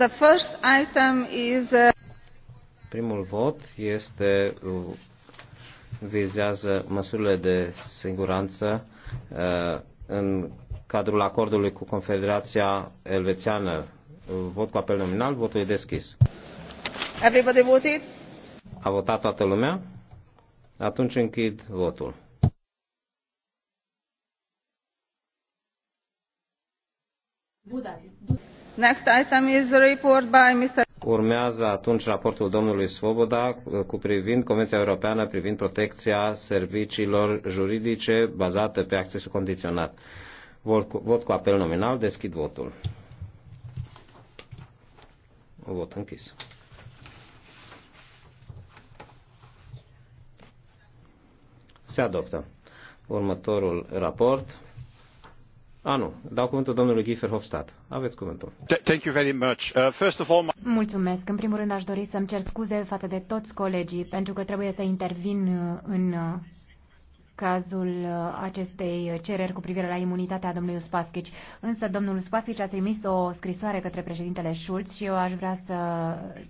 Uh, Primul vot este uh, vizează măsurile de siguranță uh, în cadrul acordului cu Confederația Elvețiană. Vot cu apel nominal, votul e deschis. Everybody voted? A votat toată lumea? Atunci închid votul. Budați. Next item is report by Mr. Urmează atunci raportul domnului Svoboda cu privind Convenția Europeană privind protecția serviciilor juridice bazată pe accesul condiționat. Vot cu, vot cu apel nominal, deschid votul. Vot închis. Se adoptă. Următorul raport. A, nu. Dau cuvântul domnului Giefer Hofstadt. Aveți cuvântul. Thank you very much. Uh, first of all... Mulțumesc. În primul rând aș dori să-mi cer scuze față de toți colegii, pentru că trebuie să intervin uh, în uh, cazul acestei cereri cu privire la imunitatea domnului Uspaschic. Însă domnul Uspaschic a trimis o scrisoare către președintele Schulz și eu aș vrea să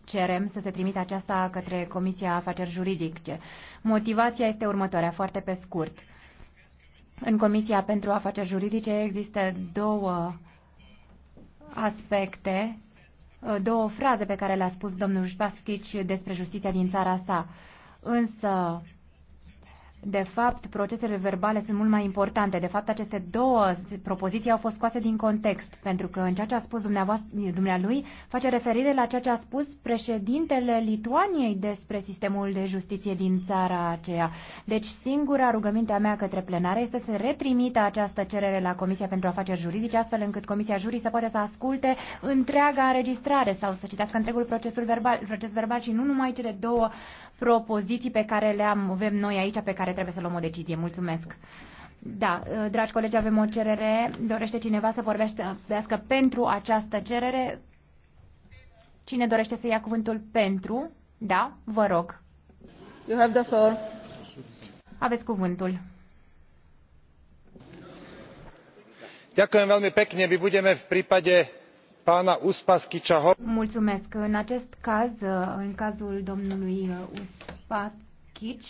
cerem să se trimită aceasta către Comisia Afaceri Juridice. Motivația este următoarea, foarte pe scurt în Comisia pentru Afaceri Juridice există două aspecte, două fraze pe care le-a spus domnul Șpaschici despre justiția din țara sa. Însă, de fapt, procesele verbale sunt mult mai importante. De fapt, aceste două propoziții au fost scoase din context, pentru că în ceea ce a spus dumnealui face referire la ceea ce a spus președintele Lituaniei despre sistemul de justiție din țara aceea. Deci, singura rugămintea mea către plenară este să retrimită această cerere la Comisia pentru Afaceri Juridice, astfel încât Comisia Jurii să poată să asculte întreaga înregistrare sau să citească întregul procesul verbal, proces verbal și nu numai cele două propoziții pe care le am, avem noi aici, pe care trebuie să luăm o decizie. Mulțumesc! Da, ă, dragi colegi, avem o cerere. Dorește cineva să vorbească pentru această cerere? Cine dorește să ia cuvântul pentru? Da, vă rog. You have the floor. Aveți cuvântul. Ďakujem veľmi pekne. My budeme v prípade Mulțumesc. În acest caz, în cazul domnului Uspaskich,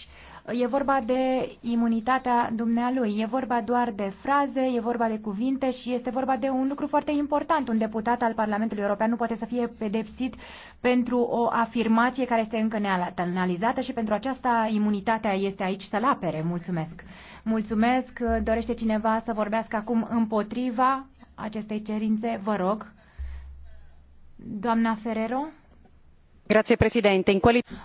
e vorba de imunitatea dumnealui, e vorba doar de fraze, e vorba de cuvinte și este vorba de un lucru foarte important. Un deputat al Parlamentului European nu poate să fie pedepsit pentru o afirmație care este încă neanalizată și pentru aceasta imunitatea este aici să-l apere. Mulțumesc. Mulțumesc. Dorește cineva să vorbească acum împotriva acestei cerințe? Vă rog. Doamna Ferrero?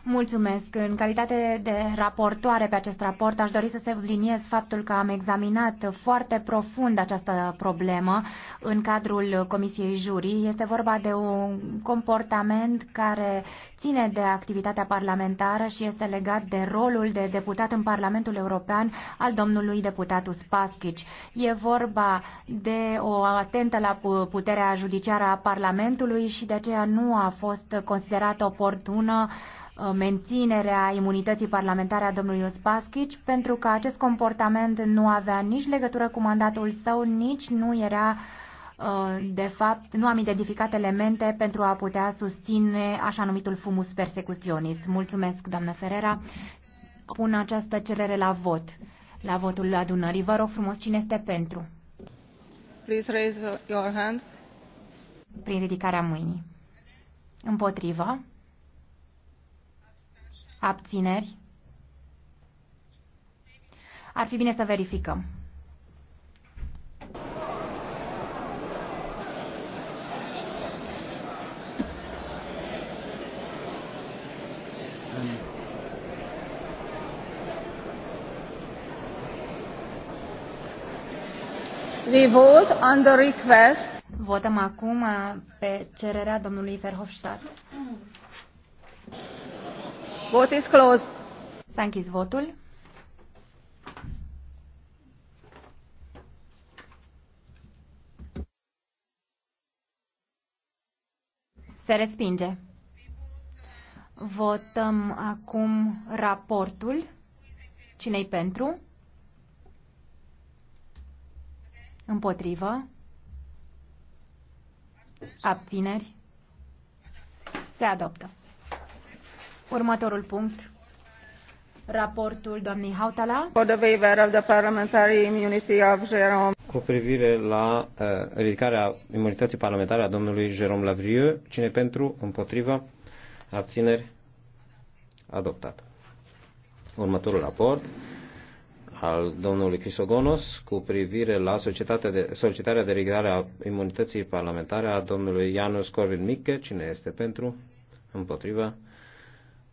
Mulțumesc. În calitate de raportoare pe acest raport, aș dori să subliniez faptul că am examinat foarte profund această problemă în cadrul Comisiei juri. Este vorba de un comportament care ține de activitatea parlamentară și este legat de rolul de deputat în Parlamentul European al domnului deputat Uspaschici. E vorba de o atentă la puterea judiciară a Parlamentului și de aceea nu a fost considerată o oportună uh, menținerea imunității parlamentare a domnului Uspaschici, pentru că acest comportament nu avea nici legătură cu mandatul său, nici nu era uh, de fapt, nu am identificat elemente pentru a putea susține așa numitul fumus persecuționis. Mulțumesc, doamnă Ferrera. Pun această cerere la vot, la votul adunării. Vă rog frumos, cine este pentru? Please raise your hand. Prin ridicarea mâinii. Împotrivă. Abțineri? Ar fi bine să verificăm. We vote on the request. Votăm acum uh, pe cererea domnului Verhofstadt. Vote is closed. S-a închis votul. Se respinge. Votăm acum raportul. Cine-i pentru? Împotrivă? Abțineri? Se adoptă. Următorul punct. Raportul doamnei Hautala. of the parliamentary immunity of Jerome. Cu privire la uh, ridicarea imunității parlamentare a domnului Jerome Lavrieux, cine pentru, împotriva, abțineri, adoptat. Următorul raport al domnului Crisogonos cu privire la de, solicitarea de ridicare a imunității parlamentare a domnului Janus Corvin Miche. Cine este pentru? Împotriva?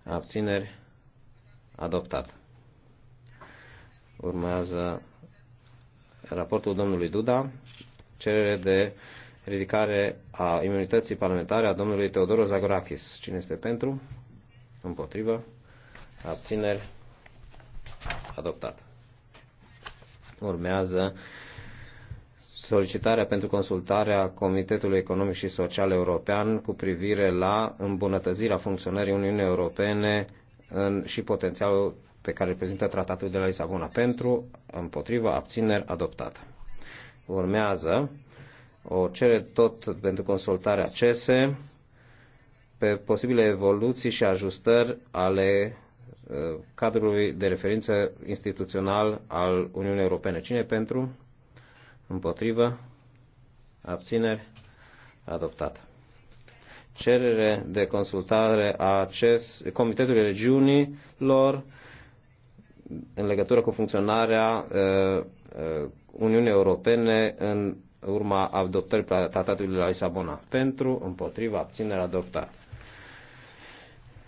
abțineri, adoptat. Urmează raportul domnului Duda, cerere de ridicare a imunității parlamentare a domnului Teodoro Zagorakis. Cine este pentru? Împotrivă. Abțineri. Adoptat. Urmează solicitarea pentru consultarea Comitetului Economic și Social European cu privire la îmbunătățirea funcționării Uniunii Europene în, și potențialul pe care reprezintă tratatul de la Lisabona pentru, împotriva, abțineri, adoptat. Urmează o cere tot pentru consultarea CESE pe posibile evoluții și ajustări ale uh, cadrului de referință instituțional al Uniunii Europene. Cine pentru? împotrivă, abțineri, adoptat. Cerere de consultare a acest, Comitetului Regiunilor în legătură cu funcționarea uh, uh Uniunii Europene în urma adoptării tratatului la Lisabona. Pentru, împotriva, abținere, adoptat.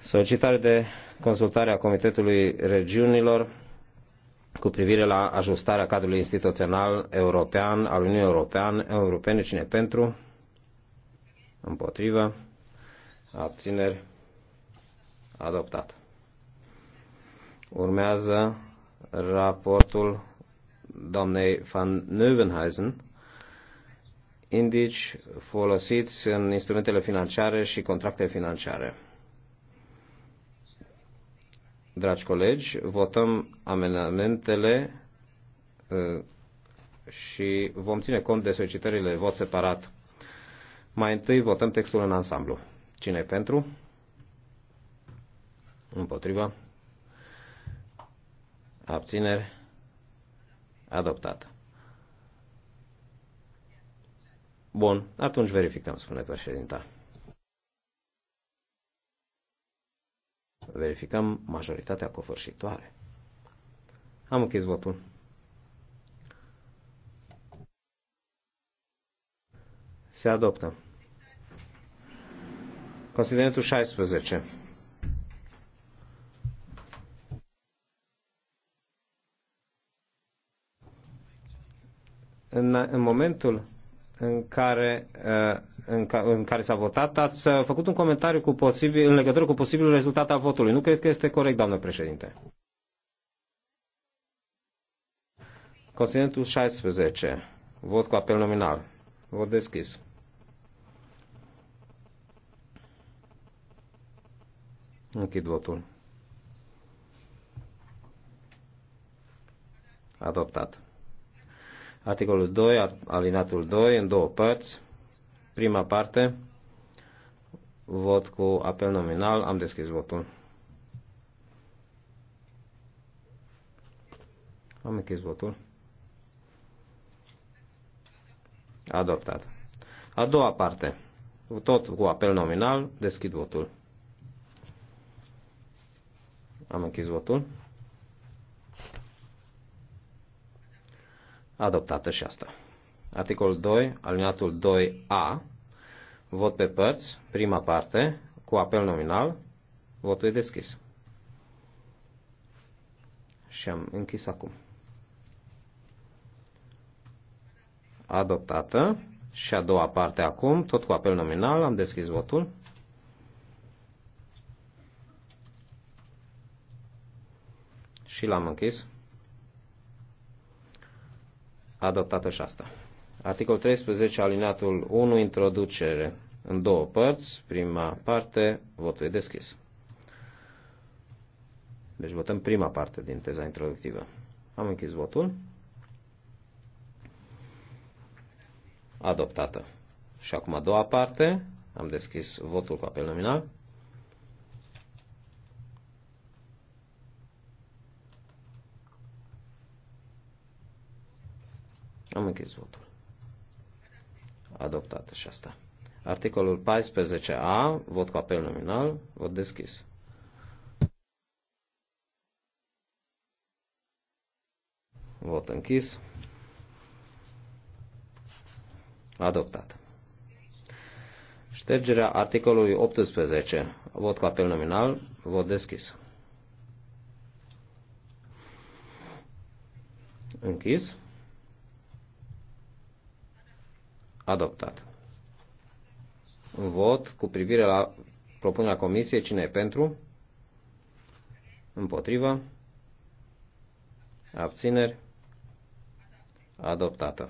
Solicitare de consultare a Comitetului Regiunilor cu privire la ajustarea cadrului instituțional european al Uniunii Europeane, europene, cine pentru, împotrivă, abțineri, adoptat. Urmează raportul doamnei van Neuwenhuizen, indici folosiți în instrumentele financiare și contracte financiare. Dragi colegi, votăm amendamentele uh, și vom ține cont de solicitările vot separat. Mai întâi votăm textul în ansamblu. Cine e pentru? Împotriva? Abțineri? Adoptată. Bun, atunci verificăm, spune președinta. Verificăm majoritatea covârșitoare. Am închis votul. Se adoptă. Considerentul 16. În, în momentul în care, uh, în, ca, în care s-a votat, ați uh, făcut un comentariu cu posibil, în legătură cu posibilul rezultat al votului. Nu cred că este corect, doamnă președinte. Consilientul 16. Vot cu apel nominal. Vot deschis. Închid votul. Adoptat. Articolul 2, alinatul 2, în două părți. Prima parte, vot cu apel nominal, am deschis votul. Am închis votul. Adoptat. A doua parte. Tot cu apel nominal, deschid votul. Am închis votul. Adoptată și asta. Articolul 2, alineatul 2A, vot pe părți, prima parte, cu apel nominal, votul e deschis. Și am închis acum. Adoptată. Și a doua parte acum, tot cu apel nominal, am deschis votul. Și l-am închis adoptată și asta. Articolul 13, alineatul 1, introducere în două părți. Prima parte, votul e deschis. Deci votăm prima parte din teza introductivă. Am închis votul. Adoptată. Și acum a doua parte. Am deschis votul cu apel nominal. închis votul. Adoptat și asta. Articolul 14a, vot cu apel nominal, vot deschis. Vot închis. Adoptat. Ștergerea articolului 18, vot cu apel nominal, vot deschis. Închis. Adoptat. Vot cu privire la propunerea comisiei. Cine e pentru? Împotrivă? Abțineri? Adoptată.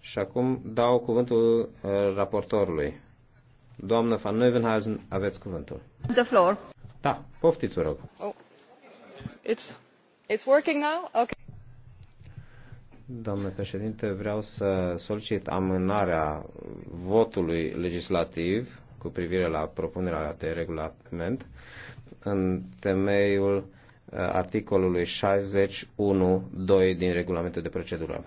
Și acum dau cuvântul uh, raportorului. Doamnă van Neuvenhuizen, aveți cuvântul. The floor. Da, poftiți, vă rog. Oh. It's, it's working now? Okay. Doamne președinte, vreau să solicit amânarea votului legislativ cu privire la propunerea de regulament în temeiul uh, articolului 61.2 din regulamentul de procedură.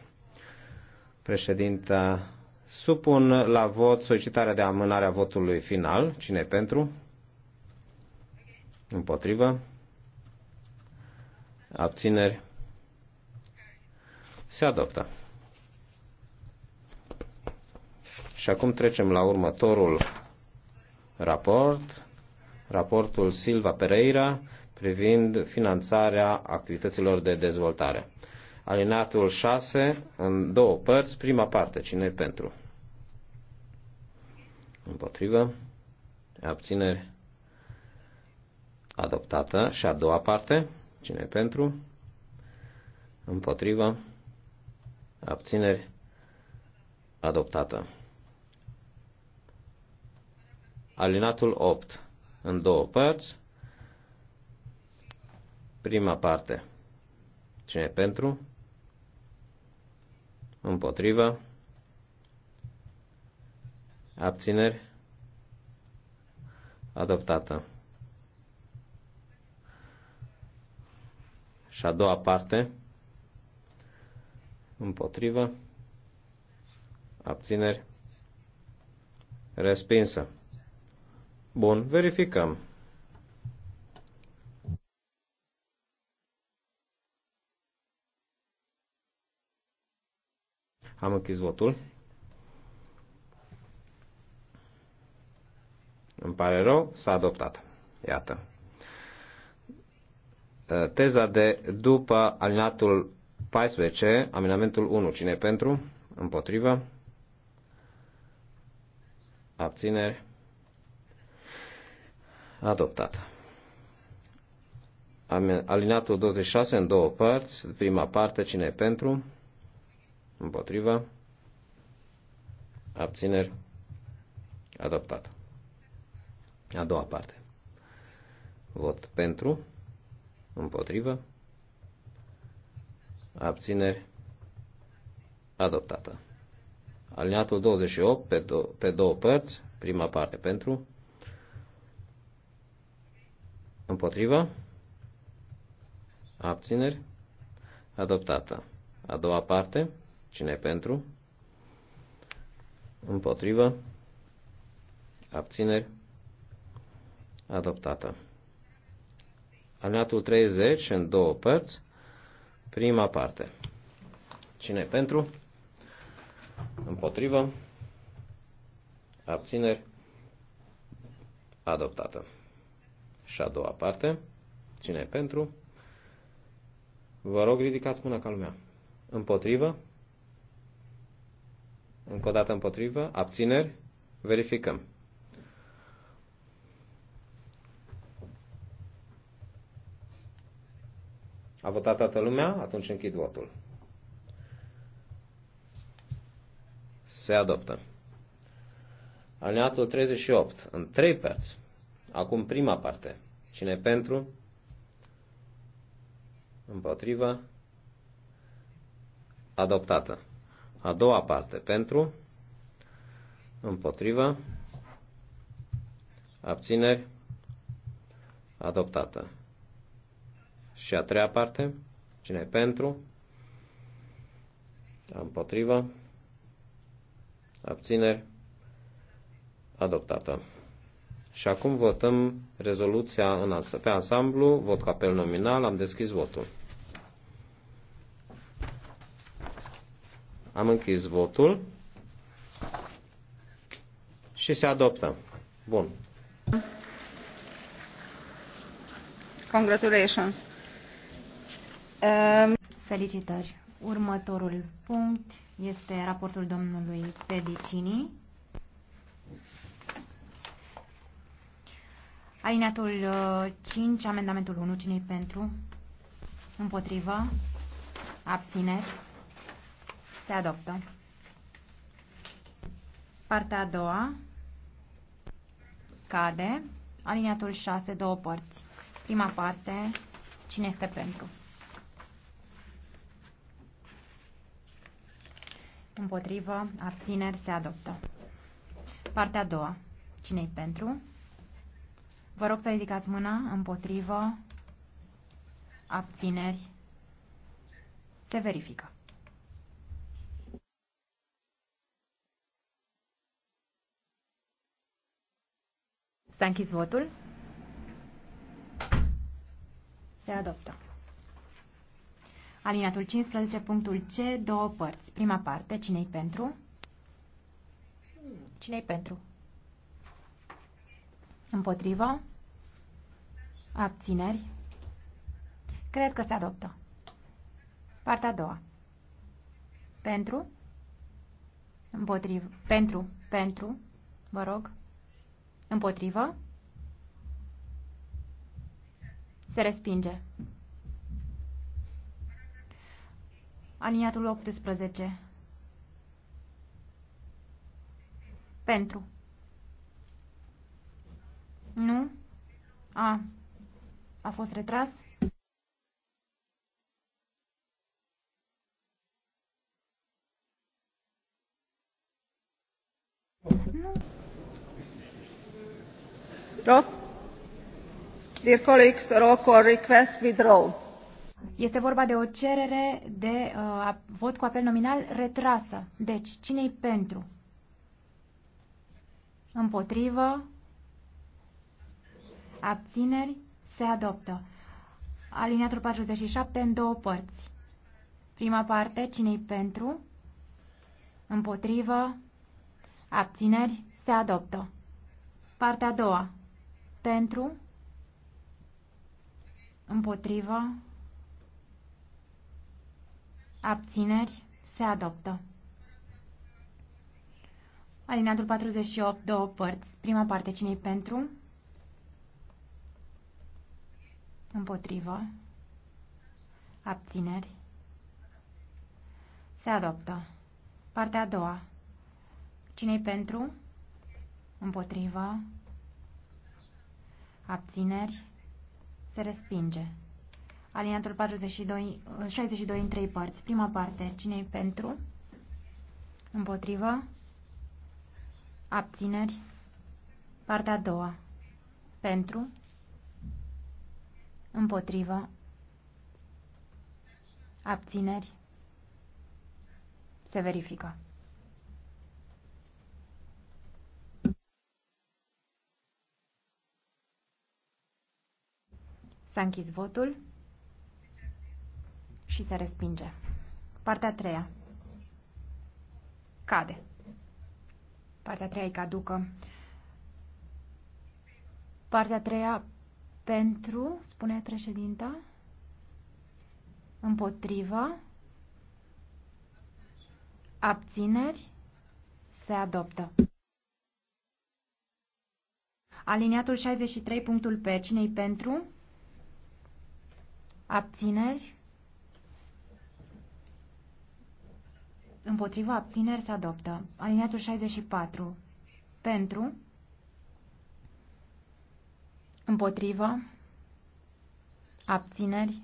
Președinta, supun la vot solicitarea de amânare a votului final. Cine e pentru? Împotrivă? Abțineri? Se adoptă. Și acum trecem la următorul raport, raportul Silva Pereira privind finanțarea activităților de dezvoltare. Alinatul 6 în două părți, prima parte, cine pentru? Împotrivă, abțineri, adoptată și a doua parte, cine pentru? Împotrivă, abțineri, adoptată. Alinatul 8, în două părți, prima parte, cine pentru, împotriva, abțineri, adoptată. Și a doua parte, împotrivă, abțineri, respinsă. Bun, verificăm. Am închis votul. Îmi pare rău, s-a adoptat. Iată. Teza de după alinatul 14, amendamentul 1, cine e pentru? Împotrivă. Abțineri. Adoptat. Alinatul 26 în două părți. Prima parte, cine e pentru? Împotrivă. Abțineri. Adoptat. A doua parte. Vot pentru. Împotrivă abțineri, adoptată. Alineatul 28 pe, do- pe două părți, prima parte pentru, împotriva, abțineri, adoptată. A doua parte, cine pentru, împotriva, abțineri, adoptată. Alineatul 30 în două părți, Prima parte. Cine pentru? Împotrivă? Abțineri? Adoptată. Și a doua parte. Cine pentru? Vă rog, ridicați mâna ca lumea. Împotrivă? Încă o dată împotrivă? Abțineri? Verificăm. A votat toată lumea? Atunci închid votul. Se adoptă. Aliniatul 38, în trei părți. Acum prima parte. Cine pentru? Împotriva? Adoptată. A doua parte. Pentru? Împotriva? Abțineri? Adoptată. Și a treia parte, cine e pentru, împotriva, abțineri, adoptată. Și acum votăm rezoluția în ans- pe ansamblu, vot cu apel nominal, am deschis votul. Am închis votul și se adoptă. Bun. Congratulations. Ehm, Felicitări! Următorul punct este raportul domnului Pedicini. Alineatul 5, uh, amendamentul 1, cine pentru? Împotrivă? Abțineri? Se adoptă. Partea a doua cade. Alineatul 6, două părți. Prima parte, cine este pentru? Împotrivă. Abțineri. Se adoptă. Partea a doua. cine e pentru? Vă rog să ridicați mâna. Împotrivă. Abțineri. Se verifică. S-a închis votul. Se adoptă. Alinatul 15, punctul C, două părți. Prima parte, cine-i pentru? Cine-i pentru? Împotrivă? Abțineri? Cred că se adoptă. Partea a doua. Pentru? Împotrivă. Pentru. Pentru. Vă rog. Împotrivă? Se respinge. Aliniatul 18. Pentru. Nu? A. A fost retras? Nu. Rock. Dear colleagues, rock or request withdraw. Este vorba de o cerere de uh, vot cu apel nominal retrasă. Deci, cine-i pentru? Împotrivă? Abțineri? Se adoptă. Aliniatul 47 în două părți. Prima parte, cine-i pentru? Împotrivă? Abțineri? Se adoptă. Partea a doua. Pentru? Împotrivă? Abțineri. Se adoptă. Alineatul 48, două părți. Prima parte, cine pentru? Împotrivă. Abțineri. Se adoptă. Partea a doua. cine pentru? Împotrivă. Abțineri. Se respinge. Alineatul 42, 62 în trei părți. Prima parte, cine pentru? Împotrivă? Abțineri? Partea a doua. Pentru? Împotrivă? Abțineri? Se verifică. S-a închis votul și se respinge. Partea a treia cade. Partea a treia e caducă. Partea a treia pentru, spune președinta, împotriva, abțineri, se adoptă. Aliniatul 63, punctul i pentru? Abțineri, Împotriva abțineri se adoptă. Aliniatul 64. Pentru. Împotriva. Abțineri.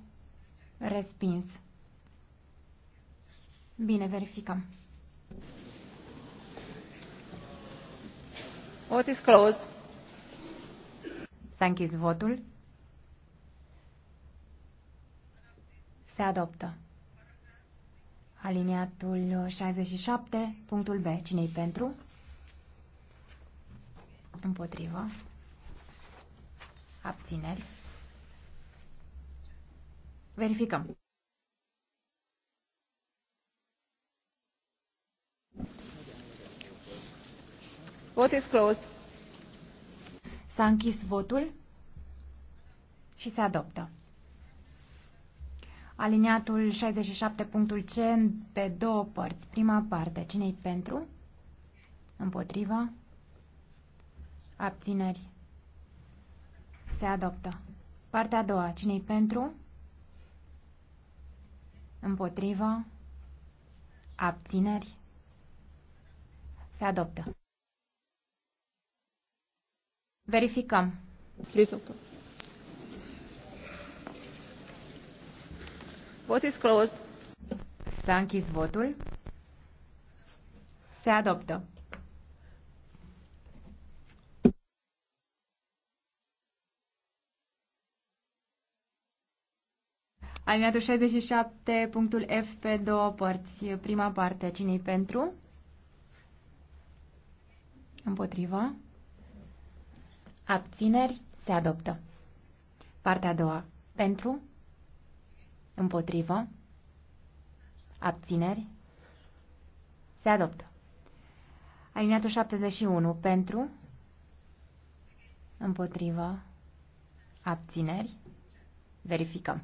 Respins. Bine, verificăm. Vot is closed. S-a închis votul. Se adoptă. Aliniatul 67, punctul B. Cine-i pentru? Împotrivă. Abțineri. Verificăm. Vot is closed. S-a închis votul și se adoptă. Aliniatul 67.c pe două părți. Prima parte. Cine-i pentru? Împotriva? Abțineri. Se adoptă. Partea a doua. Cine-i pentru? Împotriva? Abțineri. Se adoptă. Verificăm. Risotto. Vote is closed. S-a închis votul. Se adoptă. Alineatul 67, punctul F pe două părți. Prima parte, cine pentru? Împotriva. Abțineri, se adoptă. Partea a doua, pentru? Împotrivă. Abțineri. Se adoptă. Alineatul 71. Pentru. Împotrivă. Abțineri. Verificăm.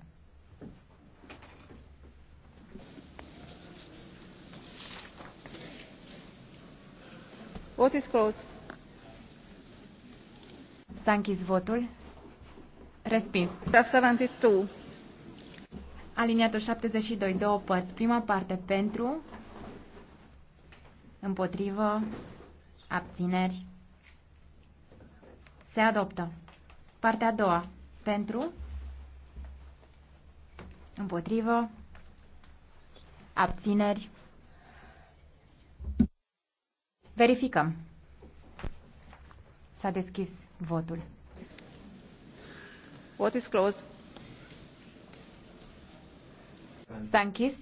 Vot is closed. S-a închis votul. Respins. 72. Aliniatul 72, două părți. Prima parte pentru, împotrivă, abțineri. Se adoptă. Partea a doua, pentru, împotrivă, abțineri. Verificăm. S-a deschis votul. Vot is closed. S-a închis.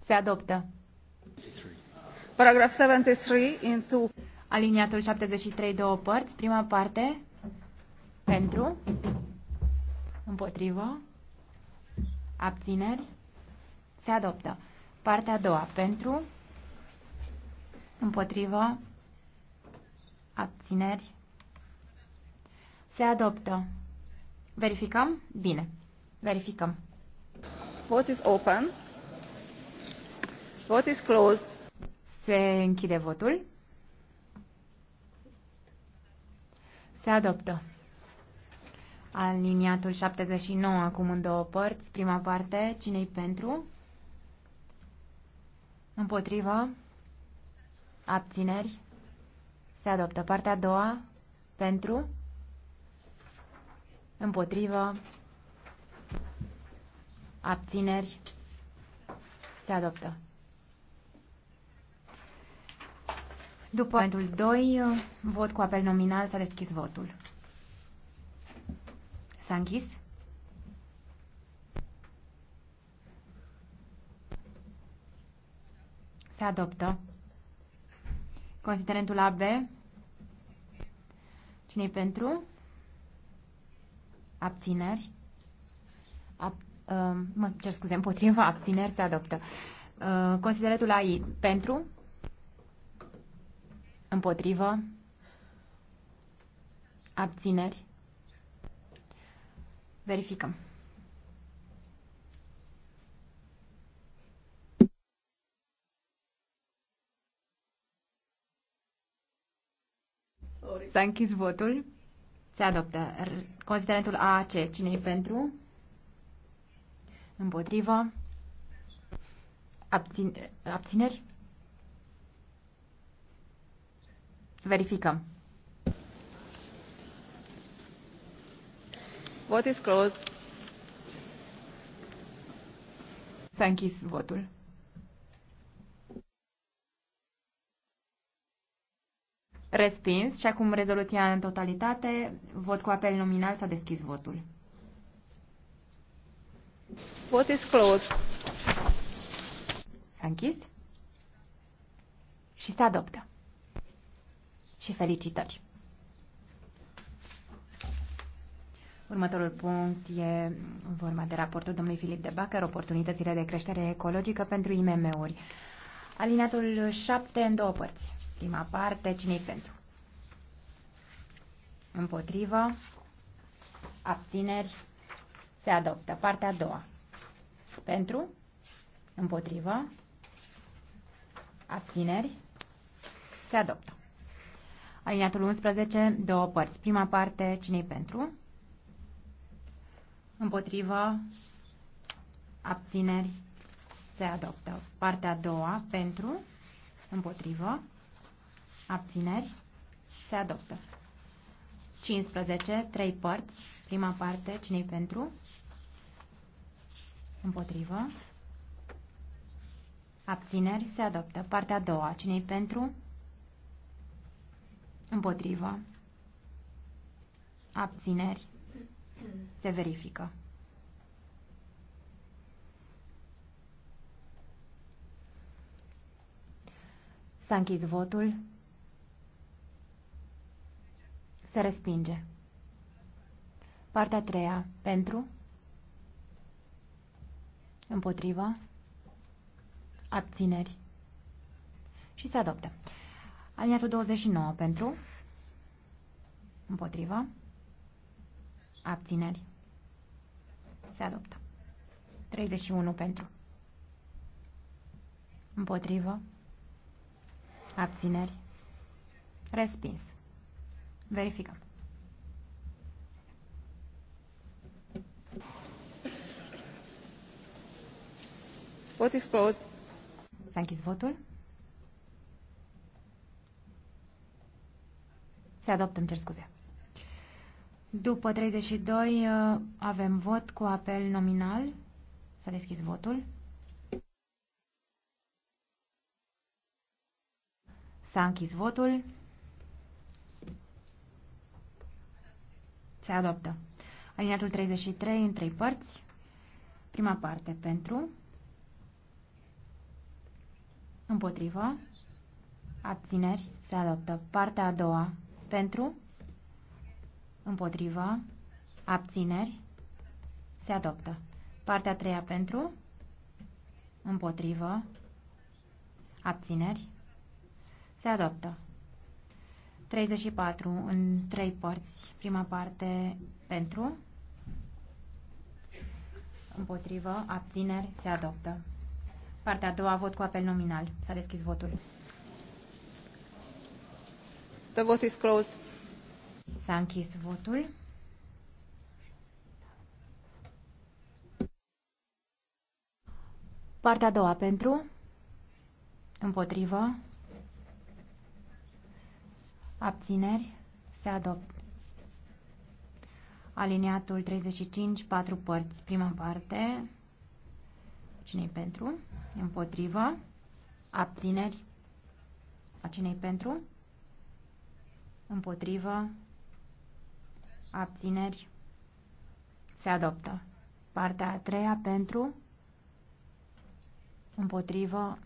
Se adoptă. Paragraf 73 into... Aliniatul 73, două părți. Prima parte, pentru, împotrivă, abțineri, se adoptă. Partea a doua, pentru, împotrivă, abțineri, se adoptă. Verificăm? Bine. Verificăm. Vote is open. Vote is closed. Se închide votul. Se adoptă. Aliniatul 79 acum în două părți. Prima parte, cine-i pentru? Împotrivă? Abțineri? Se adoptă. Partea a doua, pentru? Împotrivă? Abțineri. Se adoptă. După momentul 2, vot cu apel nominal, s-a deschis votul. S-a închis. Se adoptă. Considerentul AB. cine pentru? Abțineri. Ab Um, mă cer scuze, împotriva, abțineri se adoptă. Uh, consideretul AI pentru, împotrivă, abțineri. Verificăm. S-a închis votul. Se adoptă. Considerentul AC. Cine e pentru? Împotrivă. Abține, abțineri? Verificăm. Vot is closed. S-a închis votul. Respins și acum rezoluția în totalitate. Vot cu apel nominal s-a deschis votul. Vot is closed. S-a închis și se adoptă. Și felicitări! Următorul punct e vorba de raportul domnului Filip de Bacăr, oportunitățile de creștere ecologică pentru IMM-uri. Alinatul 7 în două părți. Prima parte, cine pentru? Împotrivă, abțineri, se adoptă. Partea a doua. Pentru? Împotrivă? Abțineri? Se adoptă. Aliniatul 11, două părți. Prima parte, cine pentru? Împotrivă? Abțineri? Se adoptă. Partea a doua, pentru? Împotrivă? Abțineri? Se adoptă. 15, trei părți. Prima parte, cine pentru? Împotrivă. Abțineri se adoptă. Partea a doua. Cine-i pentru? Împotrivă. Abțineri se verifică. S-a închis votul. Se respinge. Partea a treia. Pentru? împotriva, Abțineri. Și se adoptă. Aliniatul 29 pentru. împotriva, Abțineri. Se adoptă. 31 pentru. Împotrivă. Abțineri. Respins. Verificăm. Vot is closed. S-a închis votul. Se adoptă, îmi cer scuze. După 32 uh, avem vot cu apel nominal. S-a deschis votul. S-a închis votul. Se adoptă. Aliniatul 33 în trei părți. Prima parte pentru, Împotrivă. Abțineri. Se adoptă. Partea a doua. Pentru. Împotrivă. Abțineri. Se adoptă. Partea a treia pentru. Împotrivă. Abțineri. Se adoptă. 34 în trei părți. Prima parte pentru. Împotrivă. Abțineri. Se adoptă. Partea a doua, vot cu apel nominal. S-a deschis votul. The vote is closed. S-a închis votul. Partea a doua pentru, împotrivă, abțineri, se adoptă. Aliniatul 35, patru părți, prima parte, Cine-i pentru? Împotrivă. Abțineri. Cine-i pentru? Împotrivă. Abțineri. Se adoptă. Partea a treia pentru. Împotrivă.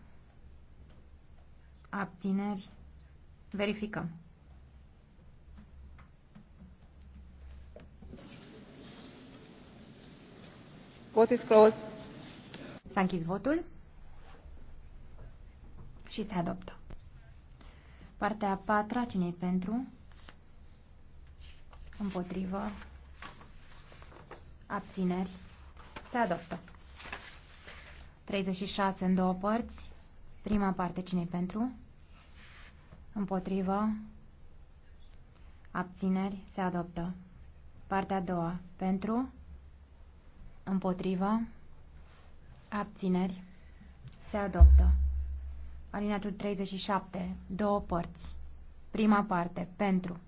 Abțineri. Verificăm. Vot is closed. S-a închis votul și se adoptă. Partea a patra, cine pentru? Împotrivă. Abțineri. Se adoptă. 36 în două părți. Prima parte, cine pentru? Împotrivă. Abțineri. Se adoptă. Partea a doua, pentru? Împotrivă. Abțineri. Se adoptă. Alineatul 37. Două părți. Prima parte. Pentru.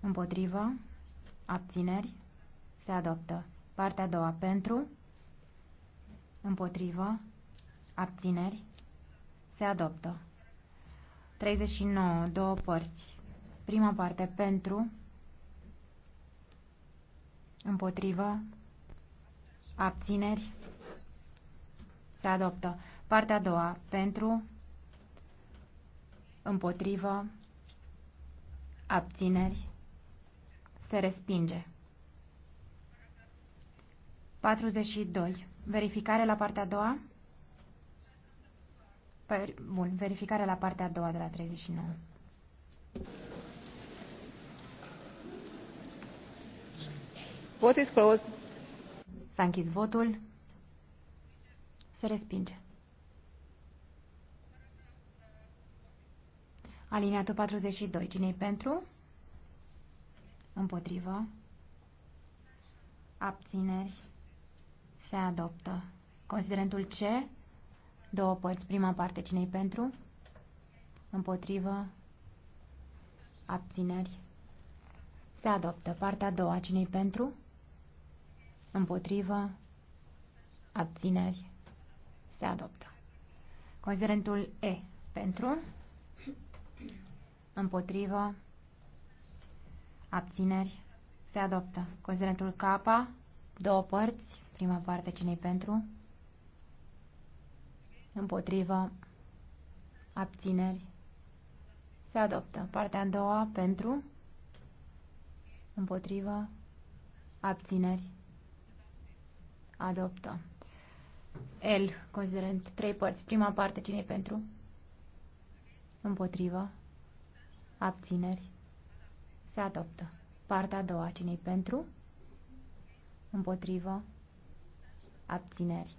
Împotrivă. Abțineri. Se adoptă. Partea a doua. Pentru. Împotrivă. Abțineri. Se adoptă. 39. Două părți. Prima parte. Pentru. Împotrivă. Abțineri? Se adoptă. Partea a doua. Pentru? Împotrivă? Abțineri? Se respinge. 42. Verificare la partea a doua? Păi, bun, verificare la partea a doua de la 39. Vot is closed. S-a închis votul. Se respinge. Alineatul 42. cine pentru? Împotrivă. Abțineri. Se adoptă. Considerentul C. Două părți. Prima parte. cine pentru? Împotrivă. Abțineri. Se adoptă. Partea a doua. cine pentru? împotrivă, abțineri, se adoptă. Considerentul E pentru, împotrivă, abțineri, se adoptă. Considerentul K, două părți, prima parte cine pentru, împotrivă, abțineri, se adoptă. Partea a doua pentru, împotrivă, abțineri, adoptă. El considerând trei părți. Prima parte, cine pentru? Împotrivă. Abțineri. Se adoptă. Partea a doua, cine pentru? Împotrivă. Abțineri.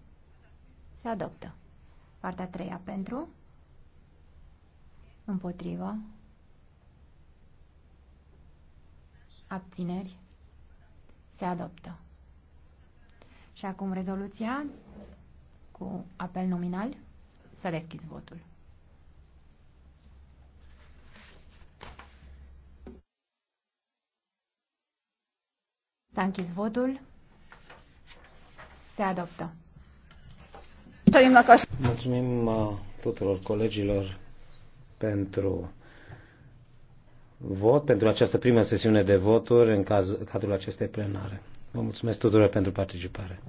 Se adoptă. Partea a treia, pentru? Împotrivă. Abțineri. Se adoptă. Și acum rezoluția cu apel nominal. să deschizi votul. S-a închis votul. Se adoptă. Mulțumim uh, tuturor colegilor pentru vot, pentru această primă sesiune de voturi în cazul cadrul acestei plenare. Vă mulțumesc tuturor pentru participare.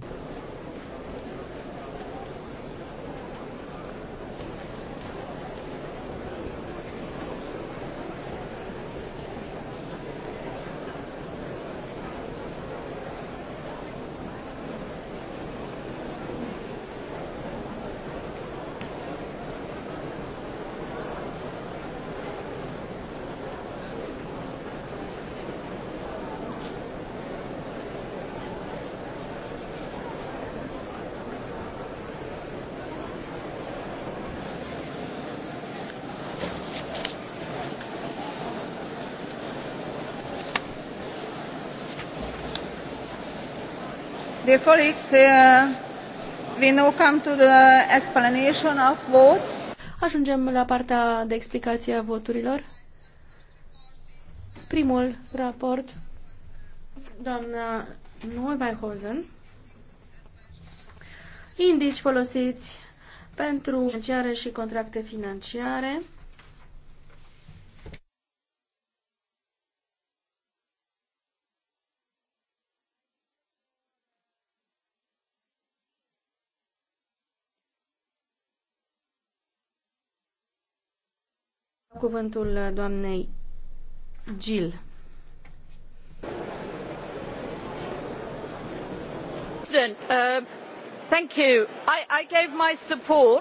Dear colleagues, uh, we now come to the explanation of votes. Ajungem la partea de explicație a voturilor. Primul raport, doamna Neubeihausen, indici folosiți pentru financiare și contracte financiare. cuvântul doamnei Gil. President, uh, thank you. I, I gave my support.